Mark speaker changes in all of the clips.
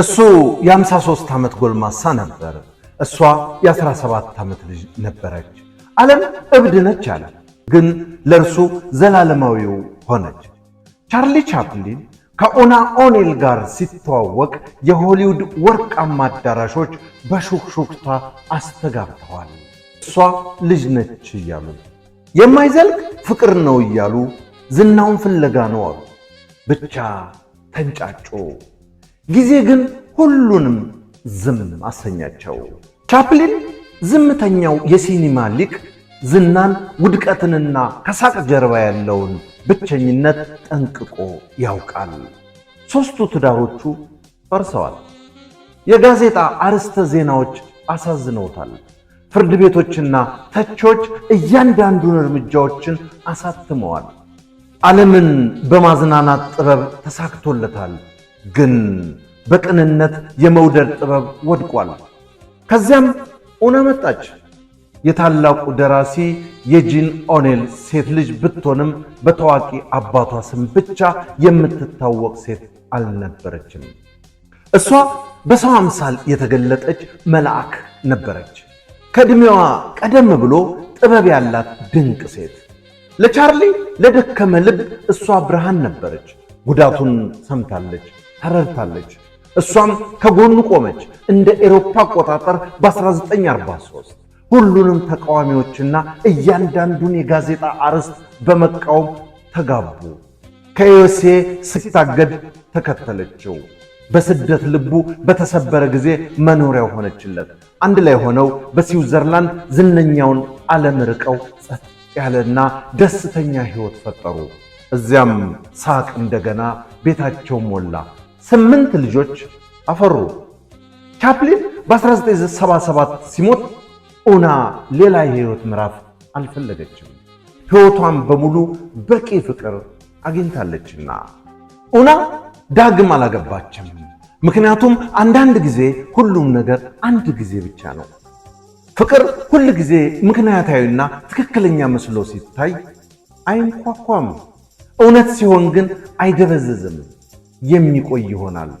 Speaker 1: እሱ የ53 ዓመት ጎልማሳ ነበር። እሷ የ17 ዓመት ልጅ ነበረች። ዓለም እብድ ነች አለ፣ ግን ለእርሱ ዘላለማዊው ሆነች። ቻርሊ ቻፕሊን ከኦና ኦኔል ጋር ሲተዋወቅ የሆሊውድ ወርቃማ አዳራሾች በሹክሹክታ አስተጋብተዋል። እሷ ልጅ ነች እያሉ የማይዘልቅ ፍቅር ነው እያሉ ዝናውን ፍለጋ ነው አሉ። ብቻ ተንጫጮ ጊዜ ግን ሁሉንም ዝም አሰኛቸው። ቻፕሊን ዝምተኛው የሲኒማ ሊቅ ዝናን፣ ውድቀትንና ከሳቅ ጀርባ ያለውን ብቸኝነት ጠንቅቆ ያውቃል። ሦስቱ ትዳሮቹ ፈርሰዋል። የጋዜጣ አርዕስተ ዜናዎች አሳዝነውታል። ፍርድ ቤቶችና ተቾች እያንዳንዱን እርምጃዎችን አሳትመዋል። ዓለምን በማዝናናት ጥበብ ተሳክቶለታል። ግን በቅንነት የመውደድ ጥበብ ወድቋል። ከዚያም ኡና መጣች። የታላቁ ደራሲ የጂን ኦኔል ሴት ልጅ ብትሆንም በታዋቂ አባቷ ስም ብቻ የምትታወቅ ሴት አልነበረችም። እሷ በሰው አምሳል የተገለጠች መልአክ ነበረች። ከዕድሜዋ ቀደም ብሎ ጥበብ ያላት ድንቅ ሴት። ለቻርሊ ለደከመ ልብ እሷ ብርሃን ነበረች። ጉዳቱን ሰምታለች። ተረድታለች። እሷም ከጎኑ ቆመች። እንደ ኤሮፓ አቆጣጠር በ1943 ሁሉንም ተቃዋሚዎችና እያንዳንዱን የጋዜጣ አርዕስት በመቃወም ተጋቡ። ከዮሴ ስታገድ ተከተለችው። በስደት ልቡ በተሰበረ ጊዜ መኖሪያ ሆነችለት። አንድ ላይ ሆነው በስዊዘርላንድ ዝነኛውን ዓለም ርቀው ጸጥ ያለና ደስተኛ ሕይወት ፈጠሩ። እዚያም ሳቅ እንደገና ቤታቸው ሞላ። ስምንት ልጆች አፈሩ። ቻፕሊን በ1977 ሲሞት ኡና ሌላ የህይወት ምዕራፍ አልፈለገችም፣ ህይወቷን በሙሉ በቂ ፍቅር አግኝታለችና። ኡና ዳግም አላገባችም፣ ምክንያቱም አንዳንድ ጊዜ ሁሉም ነገር አንድ ጊዜ ብቻ ነው። ፍቅር ሁል ጊዜ ምክንያታዊና ትክክለኛ መስሎ ሲታይ አይንኳኳም። እውነት ሲሆን ግን አይደበዘዝም። የሚቆይ ይሆናል።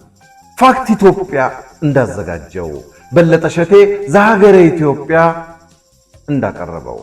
Speaker 1: ፋክት ኢትዮጵያ እንዳዘጋጀው፣ በለጠ ሸቴ ዘሀገረ ኢትዮጵያ እንዳቀረበው